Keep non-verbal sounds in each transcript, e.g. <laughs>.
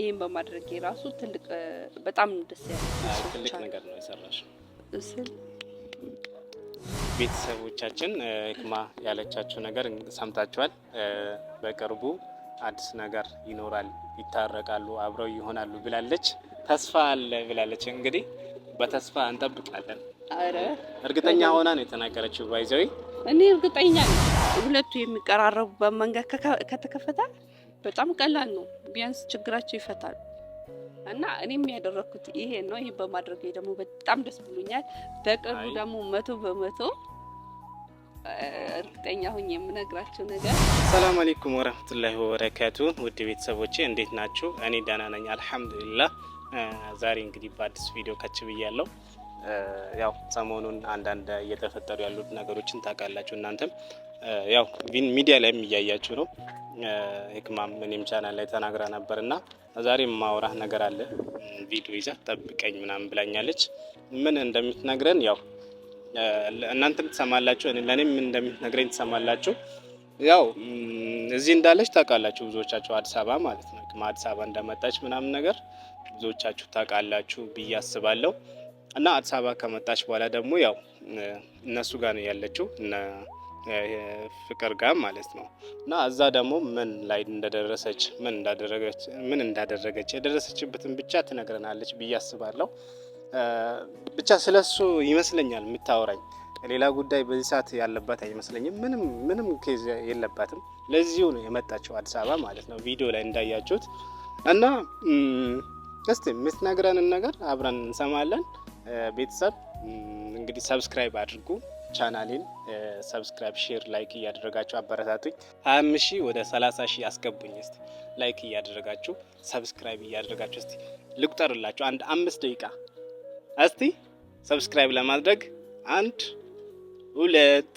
ይህን በማድረግ የራሱ ትልቅ በጣም ደስ ያለትልቅ ነገር ነው የሰራሽ ስል ቤተሰቦቻችን ህክማ ያለቻቸው ነገር ሰምታችኋል። በቅርቡ አዲስ ነገር ይኖራል፣ ይታረቃሉ፣ አብረው ይሆናሉ ብላለች። ተስፋ አለ ብላለች። እንግዲህ በተስፋ እንጠብቃለን። አረ እርግጠኛ ሆና ነው የተናገረችው። ባይዘዊ እኔ እርግጠኛ ሁለቱ የሚቀራረቡበት መንገድ ከተከፈተ በጣም ቀላል ነው። ቢያንስ ችግራቸው ይፈታል እና እኔም ያደረኩት ይሄ ነው። ይህ በማድረግ ደግሞ በጣም ደስ ብሎኛል። በቅርቡ ደግሞ መቶ በመቶ እርግጠኛ ሁኝ የምነግራቸው ነገር። ሰላም አሌይኩም ወረህመቱላሂ ወበረካቱ። ውድ ቤተሰቦቼ እንዴት ናችሁ? እኔ ደህና ነኝ አልሐምዱሊላህ። ዛሬ እንግዲህ በአዲስ ቪዲዮ ከች ብያለሁ። ያው ሰሞኑን አንዳንድ እየተፈጠሩ ያሉት ነገሮችን ታውቃላችሁ እናንተም ያው ሚዲያ ላይም እያያችሁ ነው። ህክማም እኔም ቻናል ላይ ተናግራ ነበር እና ዛሬ የማወራህ ነገር አለ ቪዲዮ ይዛ ጠብቀኝ ምናምን ብላኛለች። ምን እንደምትነግረን ያው እናንተም ትሰማላችሁ፣ ለእኔም ምን እንደምትነግረኝ ትሰማላችሁ። ያው እዚህ እንዳለች ታውቃላችሁ ብዙዎቻችሁ፣ አዲስ አበባ ማለት ነው። ህክማ አዲስ አበባ እንደመጣች ምናምን ነገር ብዙዎቻችሁ ታውቃላችሁ ብዬ አስባለሁ። እና አዲስ አበባ ከመጣች በኋላ ደግሞ ያው እነሱ ጋር ነው ያለችው ፍቅር ጋር ማለት ነው። እና እዛ ደግሞ ምን ላይ እንደደረሰች ምን እንዳደረገች ምን እንዳደረገች የደረሰችበትን ብቻ ትነግረናለች ብዬ አስባለሁ። ብቻ ስለሱ ይመስለኛል የምታወራኝ ሌላ ጉዳይ በዚህ ሰዓት ያለባት አይመስለኝም። ምንም ምንም ኬዝ የለባትም። ለዚሁ ነው የመጣችው አዲስ አበባ ማለት ነው ቪዲዮ ላይ እንዳያችሁት እና እስቲ የምትነግረንን ነገር አብረን እንሰማለን። ቤተሰብ እንግዲህ ሰብስክራይብ አድርጉ ቻናሌን ሰብስክራይብ፣ ሼር፣ ላይክ እያደረጋችሁ አበረታቱኝ። 25 ሺህ ወደ ሰላሳ ሺህ አስገቡኝ እስቲ ላይክ እያደረጋችሁ ሰብስክራይብ እያደረጋችሁ እስቲ ልቁጠርላችሁ አንድ አምስት ደቂቃ እስቲ ሰብስክራይብ ለማድረግ አንድ ሁለት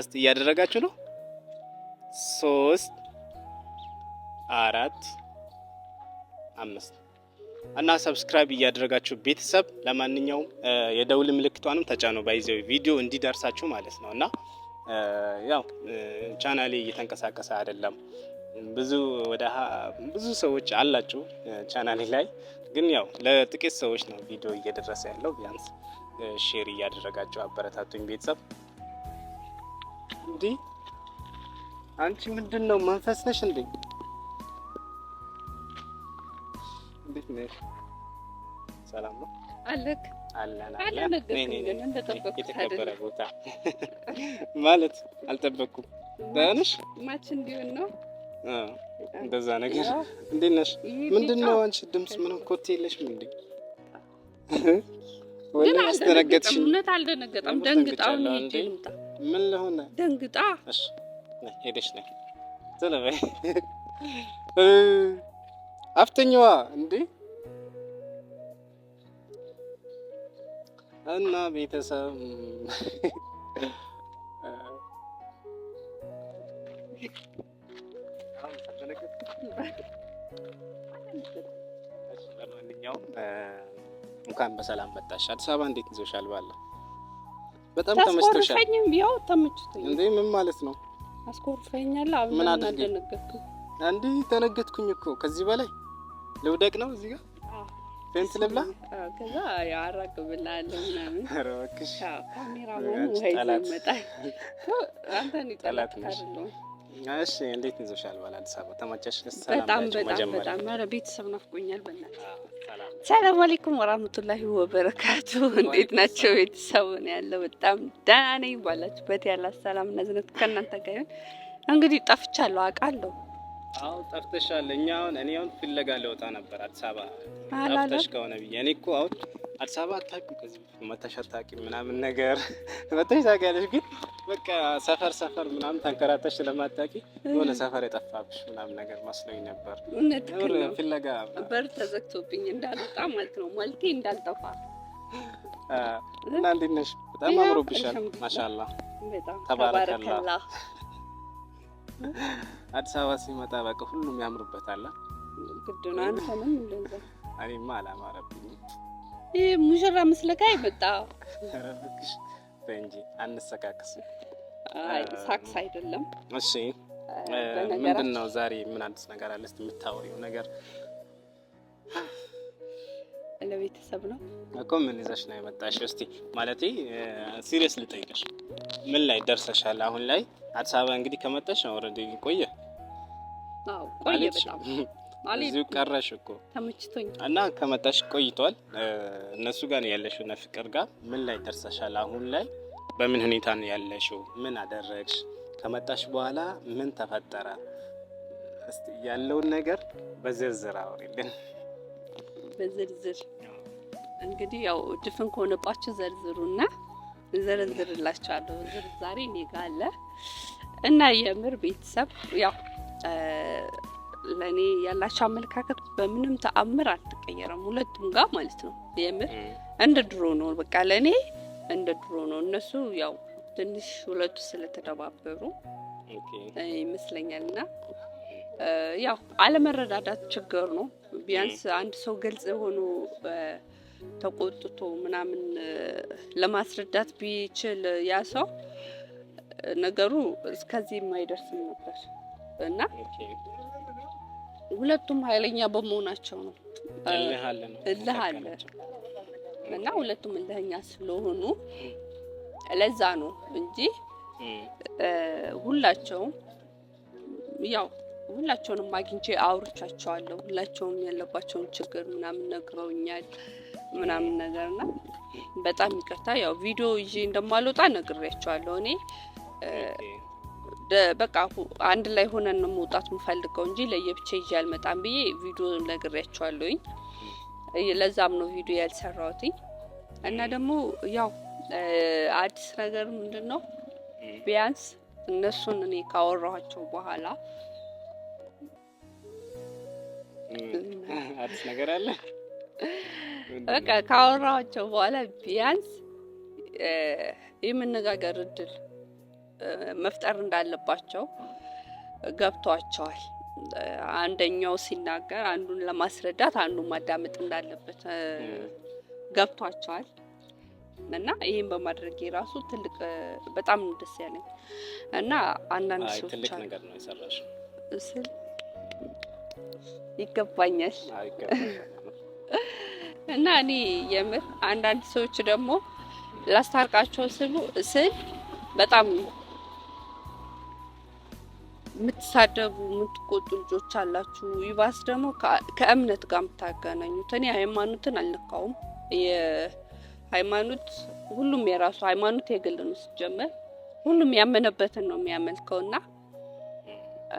እስቲ እያደረጋችሁ ነው ሶስት አራት አምስት እና ሰብስክራይብ እያደረጋችሁ ቤተሰብ ለማንኛውም የደውል ምልክቷንም ተጫኑ። ባይዘው ቪዲዮ እንዲደርሳችሁ ማለት ነው። እና ያው ቻናሌ እየተንቀሳቀሰ አይደለም። ብዙ ወደ ብዙ ሰዎች አላችሁ ቻናሌ ላይ ግን ያው ለጥቂት ሰዎች ነው ቪዲዮ እየደረሰ ያለው። ቢያንስ ሼር እያደረጋችሁ አበረታቱኝ ቤተሰብ። እንዲህ አንቺ ምንድን ነው መንፈስ ነሽ እንዴ? እንዴት ነሽ? ሰላም ነው አለክ የተከበረ ቦታ <laughs> ማለት አልጠበኩም። ደህና ነሽ? ማች እንዲሆን ነው እንደዛ ነገር። እንዴት ነሽ? ምንድን ነው አንቺ ድምፅ ምንም ኮቴ የለሽም እንዴ? <laughs> ወይም አስደነገጥሽ? እውነት አልደነገጠም። ደንግጣ ምን ለሆነ ደንግጣ ሄደሽ ነይ <laughs> አፍተኛዋ እንዴ እና ቤተሰብ እንኳን በሰላም መጣሽ። አዲስ አበባ እንዴት ይዞሻል? ባለ በጣም ተመችቶሻል? ያው ተመችቶኝ እንዴ። ምን ማለት ነው? አስኮርፈኛል። ምን አደረገ? እንዲህ ተነገጥኩኝ እኮ ከዚህ በላይ ልውደቅ ነው እዚህ ጋር ፌንት ልብላ ከዛ አራቅ ብላለሁ ምናምን እሺ እንዴት ይዞሻል? ባል አዲስ አበባ ተመቸሽ? በጣም በጣም በጣም ኧረ ቤተሰብ ናፍቆኛል። በእናትህ ሰላም አለይኩም ወራህመቱላሂ ወበረካቱ። እንዴት ናቸው? ቤተሰቡ? ነው ያለው። በጣም ደህና ነኝ። ባላችሁበት ያለ ሰላም እና ዝነት ከእናንተ ጋር ይሁን። እንግዲህ ጠፍቻለሁ አውቃለሁ አሁን ጠፍተሻል። እኛ አሁን እኔ አሁን ፍለጋ ለወጣ ነበር አዲስ አበባ ጠፍተሽ ከሆነ ብዬ። እኔ እኮ አሁን አዲስ አበባ አታውቂው ከዚህ በፊት መተሽ አታውቂም ምናምን ነገር <laughs> መተሽ ታውቂያለሽ፣ ግን በቃ ሰፈር ሰፈር ምናምን ተንከራተሽ ስለማታውቂ የሆነ ሰፈር የጠፋብሽ ምናምን ነገር መስሎኝ ነበር። ፍለጋ በር ተዘግቶብኝ እንዳልወጣ ማለት ነው፣ ማለቴ እንዳልጠፋ <laughs> እና እንዴት ነሽ? በጣም አምሮብሻል። ማሻላ ተባረከላ አዲስ አበባ ሲመጣ በቃ ሁሉም ያምርበታል። ግድ ነው። አንተንም እንደዛ። እኔማ አላማረብኝም። ይህ ሙሽራ ምስለካ ይመጣ ረብሽ እንጂ አንሰቃቅስ። ሳቅስ አይደለም። እሺ ምንድን ነው ዛሬ ምን አዲስ ነገር አለ? እስኪ የምታወሪው ነገር ለቤተሰብ ነው እኮ። ምን ይዘሽ ነው የመጣሽ? እስቲ ማለቴ ሲሪየስ ልጠይቅሽ፣ ምን ላይ ደርሰሻል አሁን ላይ? አዲስ አበባ እንግዲህ ከመጣሽ ኦልሬዲ ቆየ ቆየ፣ በጣም <laughs> እዚሁ ቀረሽ እኮ ተመችቶኝ እና ከመጣሽ ቆይቷል። እነሱ ጋር ያለሽው እና ፍቅር ጋር ምን ላይ ደርሰሻል አሁን ላይ? በምን ሁኔታ ነው ያለሽው? ምን አደረግሽ? ከመጣሽ በኋላ ምን ተፈጠረ? እስቲ ያለውን ነገር በዝርዝር አውሪልን። በዝርዝር እንግዲህ ያው ድፍን ከሆነባችሁ ዘርዝሩና እንዘረዝርላችኋለሁ። ዝርዛሬ እኔ ጋ አለ እና የምር ቤተሰብ ያው ለእኔ ያላቸው አመለካከት በምንም ተአምር አልተቀየረም። ሁለቱም ጋር ማለት ነው። የምር እንደ ድሮ ነው። በቃ ለእኔ እንደ ድሮ ነው። እነሱ ያው ትንሽ ሁለቱ ስለተደባበሩ ይመስለኛል እና ያው አለመረዳዳት ችግር ነው። ቢያንስ አንድ ሰው ግልጽ የሆኑ ተቆጥቶ ምናምን ለማስረዳት ቢችል ያ ሰው ነገሩ እስከዚህ የማይደርስም ነበር እና ሁለቱም ኃይለኛ በመሆናቸው ነው። እልህ አለ እና ሁለቱም እልህኛ ስለሆኑ ለዛ ነው እንጂ ሁላቸውም ያው ሁላቸውንም አግኝቼ አውርቻቸዋለሁ። ሁላቸውም ያለባቸውን ችግር ምናምን ነግረውኛል ምናምን ነገር ና በጣም ይቅርታ ያው ቪዲዮ ይዤ እንደማልወጣ ነግሬያቸዋለሁ። እኔ በቃ አንድ ላይ ሆነን ነው መውጣት የምፈልገው እንጂ ለየብቻ ይዤ አልመጣም ብዬ ቪዲዮ ነግሬያቸዋለሁኝ። ለዛም ነው ቪዲዮ ያልሰራሁትኝ እና ደግሞ ያው አዲስ ነገር ምንድን ነው ቢያንስ እነሱን እኔ ካወራኋቸው በኋላ አዲስ ነገር አለ። በቃ ካወራኋቸው በኋላ ቢያንስ የመነጋገር እድል መፍጠር እንዳለባቸው ገብቷቸዋል። አንደኛው ሲናገር አንዱን ለማስረዳት አንዱ ማዳመጥ እንዳለበት ገብቷቸዋል። እና ይህን በማድረግ የራሱ ትልቅ በጣም ደስ ያለኝ እና አንዳንድ ሰዎች ትልቅ ነገር ነው የሰራሽ ስል ይገባኛል እና እኔ የምር አንዳንድ ሰዎች ደግሞ ላስታርቃቸው ስሉ ስል በጣም የምትሳደቡ የምትቆጡ ልጆች አላችሁ። ይባስ ደግሞ ከእምነት ጋር የምታገናኙት። እኔ ሃይማኖትን አልነካውም። ሃይማኖት ሁሉም የራሱ ሃይማኖት የግል ነው። ሁሉም ያመነበትን ነው የሚያመልከውና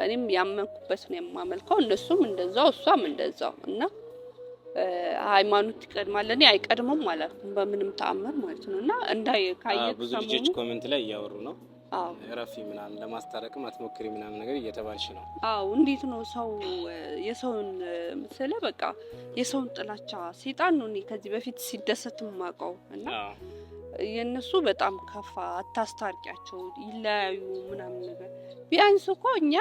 እኔም ያመንኩበት ነው የማመልከው፣ እነሱም እንደዛው እሷም እንደዛው እና ሃይማኖት ይቀድማል። እኔ አይቀድምም አላልኩም በምንም ተአምር ማለት ነው። እና እንዳይ ካየት ብዙ ልጆች ኮሜንት ላይ እያወሩ ነው ረፊ ምናምን ለማስታረቅም አትሞክሪ ምናምን ነገር እየተባልሽ ነው። አዎ እንዴት ነው ሰው የሰውን ምስለ በቃ የሰውን ጥላቻ ሴጣን ነው። እኔ ከዚህ በፊት ሲደሰት ማቀው እና የእነሱ በጣም ከፋ፣ አታስታርቂያቸው፣ ይለያዩ ምናምን ነገር ቢያንስ እኮ እኛ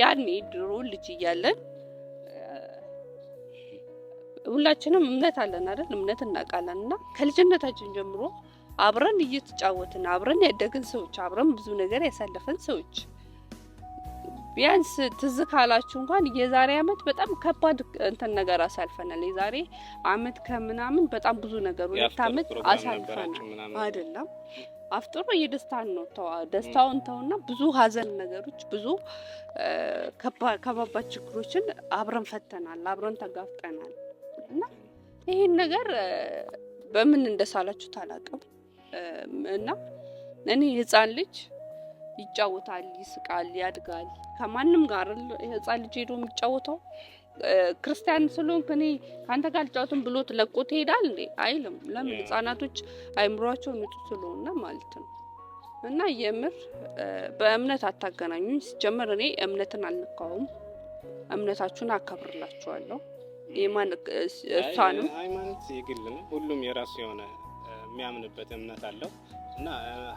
ያኔ ድሮ ልጅ እያለን ሁላችንም እምነት አለን አይደል? እምነት እናውቃለን። እና ከልጅነታችን ጀምሮ አብረን እየተጫወትን አብረን ያደግን ሰዎች አብረን ብዙ ነገር ያሳለፈን ሰዎች ቢያንስ ትዝ ካላችሁ እንኳን የዛሬ አመት በጣም ከባድ እንትን ነገር አሳልፈናል። የዛሬ አመት ከምናምን በጣም ብዙ ነገር ሁለት አመት አሳልፈናል አይደለም። አፍጥሮ የደስታን ነው ደስታውን ተውና ብዙ ሀዘን ነገሮች ብዙ ከባባድ ችግሮችን አብረን ፈተናል፣ አብረን ተጋፍጠናል እና ይህን ነገር በምን እንደሳላችሁ አላውቅም እና እኔ ህፃን ልጅ ይጫወታል፣ ይስቃል፣ ያድጋል። ከማንም ጋር ህፃን ልጅ ሄዶ የሚጫወተው ክርስቲያን ስለሆንክ እኔ ከአንተ ጋር ልጫወትም ብሎ ለቆ ትሄዳል እንዴ አይልም። ለምን ህፃናቶች አይምሯቸው ንጹህ ስለሆነ ማለት ነው። እና የምር በእምነት አታገናኙኝ። ሲጀመር እኔ እምነትን አልነካውም። እምነታችሁን አከብርላችኋለሁ። እሷንም ሃይማኖት የግል ነው። ሁሉም የራሱ የሆነ የሚያምንበት እምነት አለው። እና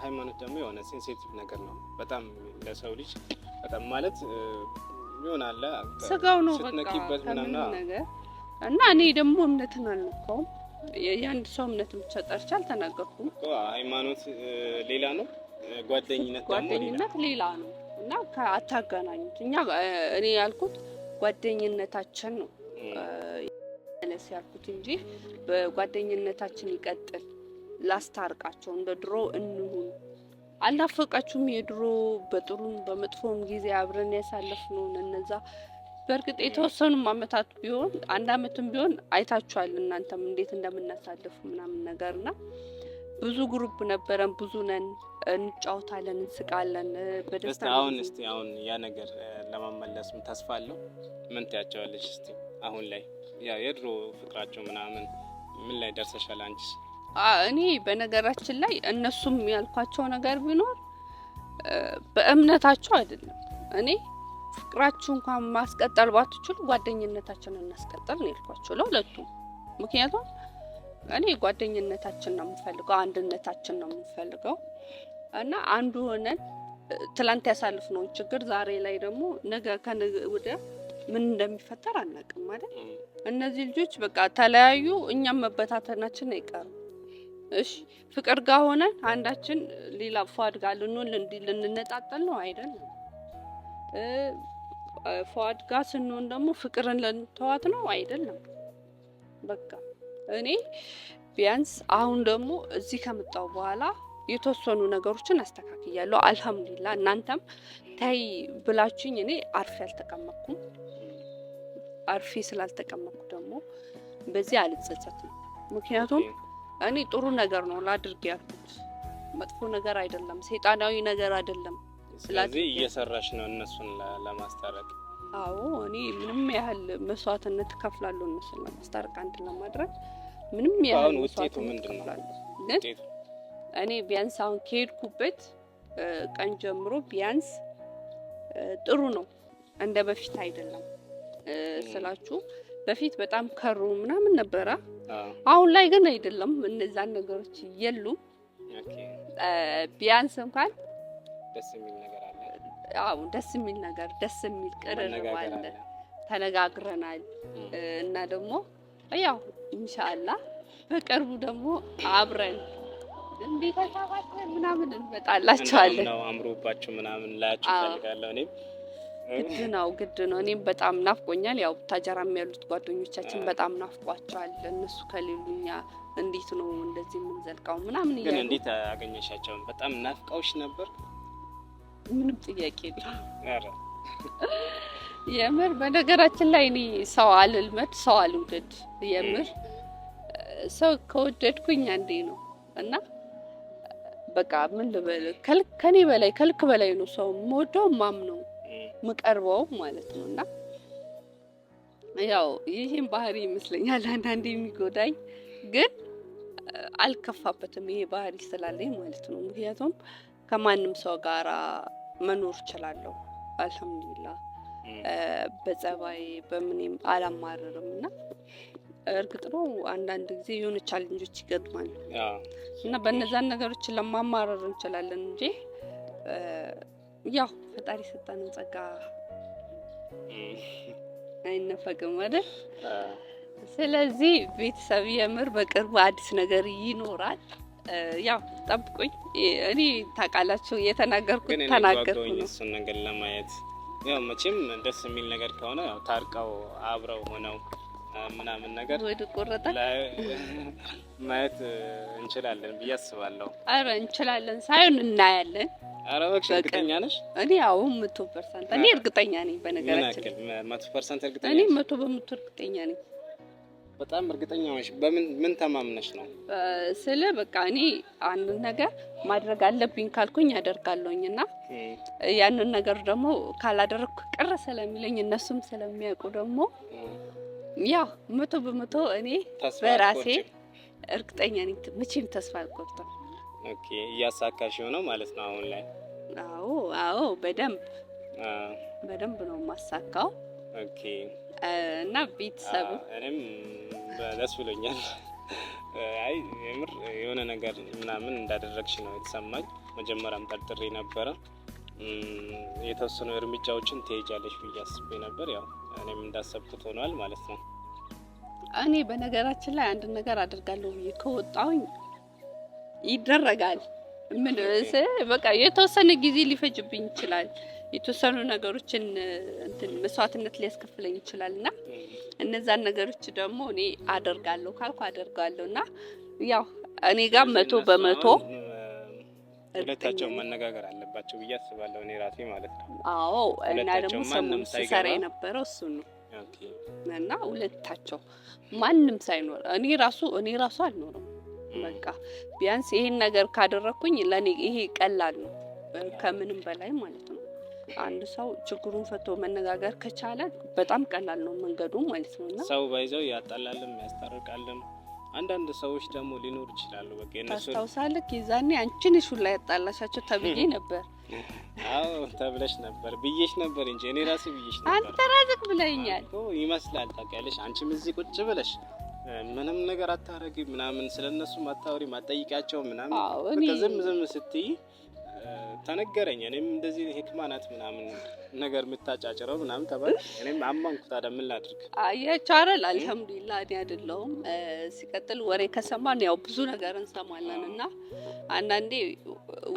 ሃይማኖት ደግሞ የሆነ ሴንሲቲቭ ነገር ነው። በጣም ለሰው ልጅ በጣም ማለት አለ ስጋው ነው ስትነኪበት ምናምን እና እኔ ደግሞ እምነትን አልነካውም። የአንድ ሰው እምነት ብቻ ጠርቼ አልተናገርኩም። ሃይማኖት ሌላ ነው፣ ጓደኝነት ጓደኝነት ሌላ ነው እና አታገናኙት። እኛ እኔ ያልኩት ጓደኝነታችን ነው ያልኩት እንጂ በጓደኝነታችን ይቀጥል ላስታርቃቸው፣ እንደ ድሮ እንሁን። አልናፈቃችሁም? የድሮ በጥሩም በመጥፎም ጊዜ አብረን ያሳለፍነውን እነዛ በእርግጥ የተወሰኑም አመታት ቢሆን አንድ አመትም ቢሆን አይታችኋል እናንተም እንዴት እንደምናሳልፍ ምናምን ነገርና ብዙ ግሩፕ ነበረን። ብዙ ነን፣ እንጫወታለን፣ እንስቃለን በደስታ አሁን እስቲ አሁን ያ ነገር ለመመለስም ተስፋ አለው። ምን ትያቸዋለች? እስቲ አሁን ላይ ያ የድሮ ፍቅራቸው ምናምን ምን ላይ ደርሰሻል አንቺስ? እኔ በነገራችን ላይ እነሱም ያልኳቸው ነገር ቢኖር በእምነታቸው አይደለም። እኔ ፍቅራችሁ እንኳን ማስቀጠል ባትችሉ ጓደኝነታችንን እናስቀጠል ነው ያልኳቸው ለሁለቱም። ምክንያቱም እኔ ጓደኝነታችን ነው የምፈልገው፣ አንድነታችን ነው የምፈልገው እና አንዱ ሆነን ትላንት ያሳልፍ ነው ችግር ዛሬ ላይ ደግሞ ነገ ከነገ ወዲያ ምን እንደሚፈጠር አናውቅም አይደል? እነዚህ ልጆች በቃ ተለያዩ፣ እኛም መበታተናችን አይቀርም። እሺ ፍቅር ጋር ሆነን አንዳችን ሌላ ፏድ ጋር ልንሆን ልንነጣጠል ነው አይደለም። ፏድ ጋር ስንሆን ደግሞ ፍቅርን ልንተዋት ነው አይደለም። በቃ እኔ ቢያንስ አሁን ደግሞ እዚህ ከመጣው በኋላ የተወሰኑ ነገሮችን አስተካክያለሁ። አልሐምዱሊላ እናንተም ታይ ብላችሁኝ እኔ አርፌ አልተቀመጥኩም። አርፌ ስላልተቀመጥኩ ደግሞ በዚህ አልጸጸትም፣ ምክንያቱም እኔ ጥሩ ነገር ነው ላድርግ ያልኩት፣ መጥፎ ነገር አይደለም፣ ሰይጣናዊ ነገር አይደለም። ስለዚህ እየሰራሽ ነው እነሱን ለማስታረቅ። አዎ እኔ ምንም ያህል መስዋዕትነት ትከፍላለሁ እነሱን ለማስታረቅ አንድ ለማድረግ ምንም ያህል ውጤቱ ምንድን ነው? ግን እኔ ቢያንስ አሁን ከሄድኩበት ቀን ጀምሮ ቢያንስ ጥሩ ነው፣ እንደ በፊት አይደለም ስላችሁ በፊት በጣም ከሩ ምናምን ነበረ። አሁን ላይ ግን አይደለም፣ እነዛን ነገሮች የሉም። ቢያንስ እንኳን ደስ የሚል ነገር አለ። አዎ ደስ የሚል ነገር፣ ደስ የሚል ቅርርብ አለ። ተነጋግረናል እና ደግሞ ያው ኢንሻአላህ በቅርቡ ደግሞ አብረን እንዴት ምናምን እንመጣላችኋለን። አምሮባችሁ ምናምን ላያችሁ ፈልጋለሁ እኔም ግድ ነው ግድ ነው። እኔም በጣም ናፍቆኛል። ያው ታጀራም ያሉት ጓደኞቻችን በጣም ናፍቋቸዋል። እነሱ ከሌሉኛ እንዴት ነው እንደዚህ የምንዘልቀው ምናምን እያሉ ግን እንዴት አገኘሻቸው? በጣም ናፍቀውሽ ነበር? ምንም ጥያቄ የለም። የምር በነገራችን ላይ እኔ ሰው አልልመድ ሰው አልውደድ። የምር ሰው ከወደድኩኝ አንዴ ነው እና በቃ ምን ልበል ከልክ ከኔ በላይ ከልክ በላይ ነው ሰው የምወደው ማም ነው ምቀርበው ማለት ነው። እና ያው ይህም ባህሪ ይመስለኛል አንዳንዴ የሚጎዳኝ ግን አልከፋበትም ይሄ ባህሪ ስላለኝ ማለት ነው። ምክንያቱም ከማንም ሰው ጋራ መኖር እችላለሁ። አልሐምዱሊላ በጸባይ በምንም አላማርርም እና እርግጥ ነው አንዳንድ ጊዜ የሆነ ቻሌንጆች ይገጥማሉ እና በእነዛን ነገሮች ለማማረር እንችላለን እንጂ ያው ፈጣሪ ሰጠነው ጸጋ አይነፈቅም አይደል? ስለዚህ ቤተሰብ የምር በቅርቡ አዲስ ነገር ይኖራል። ያው ጠብቁኝ። እኔ ታውቃላችሁ የተናገርኩት ተናገርኩ ነው። እሱን ነገር ለማየት ያው መቼም ደስ የሚል ነገር ከሆነ ታርቀው አብረው ሆነው ምናምን ነገር ወይ ማየት እንችላለን ብዬ አስባለሁ። አረ እንችላለን ሳይሆን እናያለን። አረ እባክሽ እርግጠኛ ነሽ? እኔ ያው መቶ ፐርሰንት እኔ እርግጠኛ ነኝ። በነገራችን መቶ ፐርሰንት እርግጠኛ እኔ መቶ በመቶ እርግጠኛ ነኝ። በጣም እርግጠኛ ነሽ? በምን ምን ተማምነሽ ነው ስለ በቃ እኔ አንድ ነገር ማድረግ አለብኝ ካልኩኝ ያደርጋለሁኝ እና ያንን ነገር ደግሞ ካላደረግኩ ቅር ስለሚለኝ እነሱም ስለሚያውቁ ደግሞ ያው መቶ በመቶ እኔ በራሴ እርግጠኛ ነኝ። መቼም ተስፋ አልቆርጥም። ኦኬ እያሳካሽው ነው ማለት ነው አሁን ላይ? አዎ አዎ፣ በደንብ በደንብ ነው የማሳካው። ኦኬ እና ቤተሰብ እኔም ደስ ብሎኛል። አይ የምር የሆነ ነገር ምናምን እንዳደረግሽ ነው የተሰማኝ። መጀመሪያም ጠርጥሬ ነበረ የተወሰኑ እርምጃዎችን ትሄጃለሽ ብዬ አስቤ ነበር ያው እኔም እንዳሰብኩት ሆኗል ማለት ነው። እኔ በነገራችን ላይ አንድ ነገር አድርጋለሁ ብዬ ከወጣሁኝ ይደረጋል። ምን በቃ የተወሰነ ጊዜ ሊፈጅብኝ ይችላል። የተወሰኑ ነገሮችን እንትን መስዋዕትነት ሊያስከፍለኝ ይችላል እና እነዛን ነገሮች ደግሞ እኔ አደርጋለሁ ካልኩ አደርጋለሁ እና ያው እኔ ጋር መቶ በመቶ ሁለታቸው መነጋገር አለባቸው ብዬ አስባለሁ፣ እኔ ራሴ ማለት ነው። አዎ እና ደግሞ ሰሞኑን ስሰራ የነበረው እሱ ነው እና ሁለታቸው ማንም ሳይኖር እኔ ራሱ እኔ ራሱ አልኖርም። በቃ ቢያንስ ይህን ነገር ካደረኩኝ ለእኔ ይሄ ቀላል ነው፣ ከምንም በላይ ማለት ነው። አንድ ሰው ችግሩን ፈቶ መነጋገር ከቻለ በጣም ቀላል ነው መንገዱ ማለት ነው። እና ሰው ባይዘው ያጣላልም ያስታርቃልም አንዳንድ ሰዎች ደግሞ ሊኖር ይችላሉ። በቃ እነሱ ታስታውሳለህ፣ የዛኔ አንቺን እሹ ላይ ያጣላሻቸው ተብዬ <laughs> ነበር። አዎ ተብለሽ ነበር ብዬሽ ነበር እንጂ እኔ ራሴ ብዬሽ ነበር። አንተ ራስህ ብለኛል እኮ ይመስላል። ታውቂያለሽ፣ አንቺም እዚህ ቁጭ ብለሽ ምንም ነገር አታረጊ ምናምን፣ ስለነሱ ማታወሪ ማጠይቃቸው ምናምን ዝም ዝም ስትይ ተነገረኝ። እኔም እንደዚህ ህክማ ናት ምናምን ነገር የምታጫጭረው ምናምን ተባለ። እኔም አማንኩ። ታዲያ ምን ላድርግ? አያቸው አልሐምዱሊላ እኔ አይደለሁም። ሲቀጥል ወሬ ከሰማን ያው ብዙ ነገር እንሰማለን እና አንዳንዴ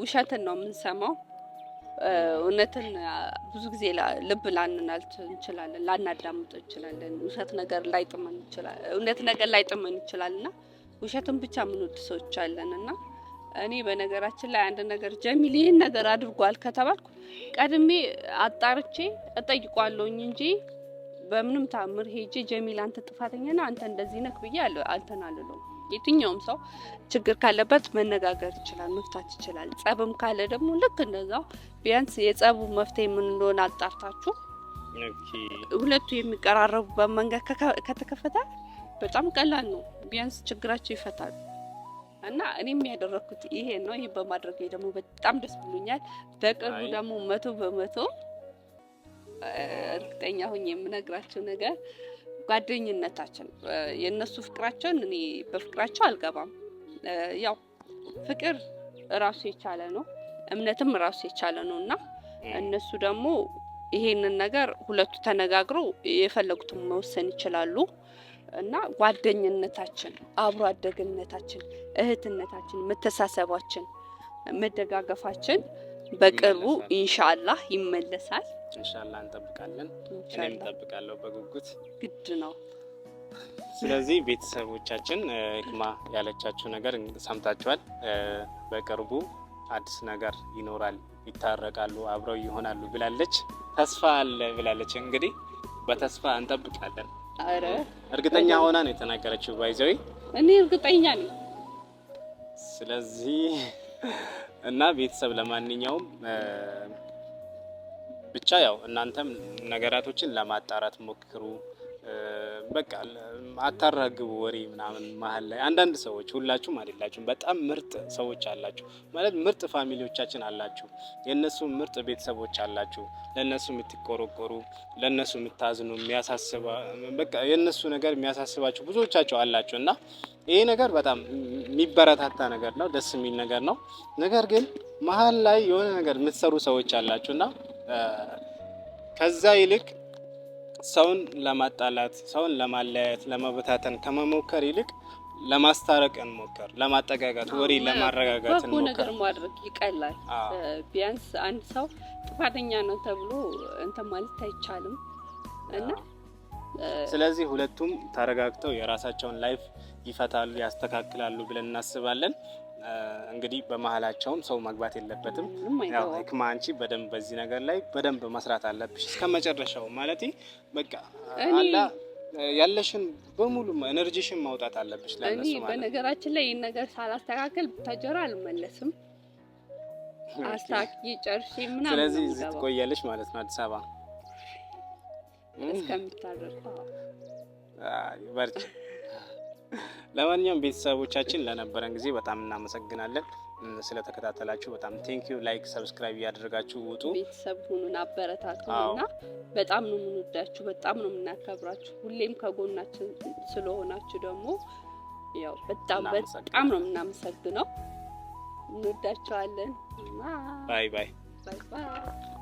ውሸትን ነው የምንሰማው እውነትን ብዙ ጊዜ ልብ ላንናልት እንችላለን፣ ላናዳምጥ እንችላለን። ውሸት ነገር ላይጥመን ይችላል፣ እውነት ነገር ላይጥመን እንችላል እና ውሸትን ብቻ ምንወድ ሰዎች አለን እና እኔ በነገራችን ላይ አንድ ነገር ጀሚል ይህን ነገር አድርጓል ከተባልኩ ቀድሜ አጣርቼ እጠይቋለሁኝ እንጂ በምንም ታምር ሄጄ ጀሚል አንተ ጥፋተኛና አንተ እንደዚህ ነክ ብዬ አንተን አልለውም። የትኛውም ሰው ችግር ካለበት መነጋገር ይችላል፣ መፍታት ይችላል። ጸብም ካለ ደግሞ ልክ እንደዛው ቢያንስ የጸቡ መፍትሄ ምን እንደሆነ አጣርታችሁ ሁለቱ የሚቀራረቡበት መንገድ ከተከፈተ በጣም ቀላል ነው። ቢያንስ ችግራቸው ይፈታል። እና እኔም ያደረኩት ይሄ ነው። ይሄ በማድረግ ደግሞ በጣም ደስ ብሎኛል። በቅርቡ ደግሞ መቶ በመቶ እርግጠኛ ሁኝ የምነግራቸው ነገር ጓደኝነታችን የእነሱ ፍቅራቸውን እኔ በፍቅራቸው አልገባም። ያው ፍቅር እራሱ የቻለ ነው፣ እምነትም እራሱ የቻለ ነው እና እነሱ ደግሞ ይሄንን ነገር ሁለቱ ተነጋግረው የፈለጉትን መወሰን ይችላሉ። እና ጓደኝነታችን፣ አብሮ አደግነታችን፣ እህትነታችን፣ መተሳሰባችን፣ መደጋገፋችን በቅርቡ ኢንሻአላህ ይመለሳል። ኢንሻአላህ እንጠብቃለን። እኔም እጠብቃለሁ በጉጉት ግድ ነው። ስለዚህ ቤተሰቦቻችን ህክማ ያለቻችሁ ነገር ሰምታችኋል። በቅርቡ አዲስ ነገር ይኖራል፣ ይታረቃሉ፣ አብረው ይሆናሉ ብላለች። ተስፋ አለ ብላለች። እንግዲህ በተስፋ እንጠብቃለን። አረ እርግጠኛ ሆና ነው የተናገረችው። ባይዘዊ እኔ እርግጠኛ ነኝ። ስለዚህ <laughs> እና ቤተሰብ ለማንኛውም ብቻ ያው እናንተም ነገራቶችን ለማጣራት ሞክሩ። በቃ አታራግቡ ወሬ ምናምን መሀል ላይ አንዳንድ ሰዎች፣ ሁላችሁም አይደላችሁም። በጣም ምርጥ ሰዎች አላችሁ ማለት ምርጥ ፋሚሊዎቻችን አላችሁ፣ የእነሱ ምርጥ ቤተሰቦች አላችሁ፣ ለእነሱ የምትቆረቆሩ፣ ለእነሱ የምታዝኑ፣ በቃ የእነሱ ነገር የሚያሳስባችሁ ብዙዎቻቸው አላችሁ እና ይሄ ነገር በጣም የሚበረታታ ነገር ነው፣ ደስ የሚል ነገር ነው። ነገር ግን መሀል ላይ የሆነ ነገር የምትሰሩ ሰዎች አላችሁ እና ከዛ ይልቅ ሰውን ለማጣላት፣ ሰውን ለማለያየት፣ ለመበታተን ከመሞከር ይልቅ ለማስታረቅ እንሞከር፣ ለማጠጋጋት፣ ወሬ ለማረጋጋት እንሞከር። ነገር ማድረግ ይቀላል። ቢያንስ አንድ ሰው ጥፋተኛ ነው ተብሎ እንትን ማለት አይቻልም እና ስለዚህ ሁለቱም ተረጋግተው የራሳቸውን ላይፍ ይፈታሉ፣ ያስተካክላሉ ብለን እናስባለን። እንግዲህ በመሀላቸውም ሰው መግባት የለበትም። ህክማ አንቺ በደንብ በዚህ ነገር ላይ በደንብ መስራት አለብሽ እስከ መጨረሻው ማለት በቃ ያለሽን በሙሉ ኤነርጂሽን ማውጣት አለብሽ። እኔ በነገራችን ላይ ይህን ነገር ሳላስተካከል ብታጀራ አልመለስም። አስታኪ ጨርሽ ምናምን። ስለዚህ እዚህ ትቆያለሽ ማለት ነው አዲስ አበባ እስከምታደርገው። በርቺ ለማንኛውም ቤተሰቦቻችን ለነበረን ጊዜ በጣም እናመሰግናለን። ስለተከታተላችሁ በጣም ቴንኪ ላይክ፣ ሰብስክራይብ እያደረጋችሁ ውጡ። ቤተሰብ ሁኑን፣ አበረታቱና በጣም ነው የምንወዳችሁ፣ በጣም ነው የምናከብራችሁ። ሁሌም ከጎናችን ስለሆናችሁ ደግሞ ያው በጣም በጣም ነው የምናመሰግነው። እንወዳችኋለን። ባይ ባይ ባይ ባይ